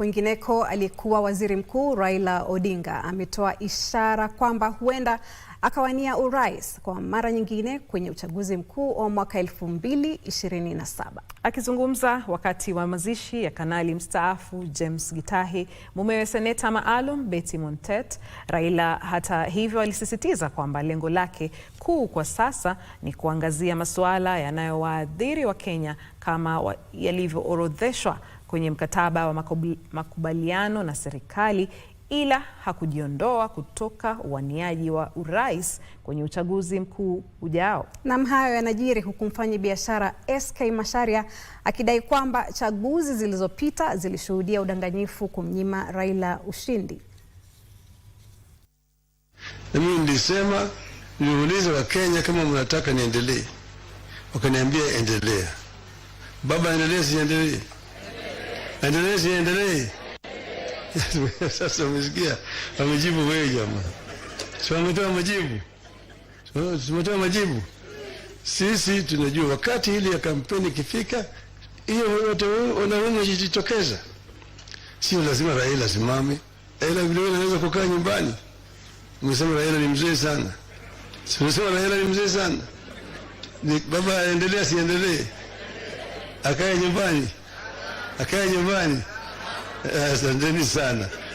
Kwingineko, aliyekuwa waziri mkuu Raila Odinga ametoa ishara kwamba huenda akawania urais kwa mara nyingine kwenye uchaguzi mkuu wa mwaka 2027. Akizungumza wakati wa mazishi ya kanali mstaafu James Gitahi, mumewe seneta maalum Betty Montet, Raila hata hivyo alisisitiza kwamba lengo lake kuu kwa sasa ni kuangazia masuala yanayowaathiri kenya kama yalivyoorodheshwa kwenye mkataba wa makubaliano na serikali ila hakujiondoa kutoka uwaniaji wa urais kwenye uchaguzi mkuu ujao. Nam, hayo yanajiri huku mfanyi biashara SK masharia akidai kwamba chaguzi zilizopita zilishuhudia udanganyifu kumnyima Raila ushindi. Na mimi nilisema, niliuliza Wakenya kama mnataka niendelee, wakaniambia endelea. Baba, endelea, siendelee? endelee, siendelee? Sasa umesikia, wamejibu wewe jamaa, si wametoa majibu, tumetoa majibu sisi. Tunajua wakati ile ya kampeni ikifika, hiyo wote wanaume jitokeza. Sio lazima Raila simame. Raila vile vile anaweza kukaa nyumbani. Umesema Raila ni mzee sana, si unasema Raila ni mzee sana, ni baba, aendelee siendelee, akae nyumbani akae nyumbani. Eh, asanteni sana.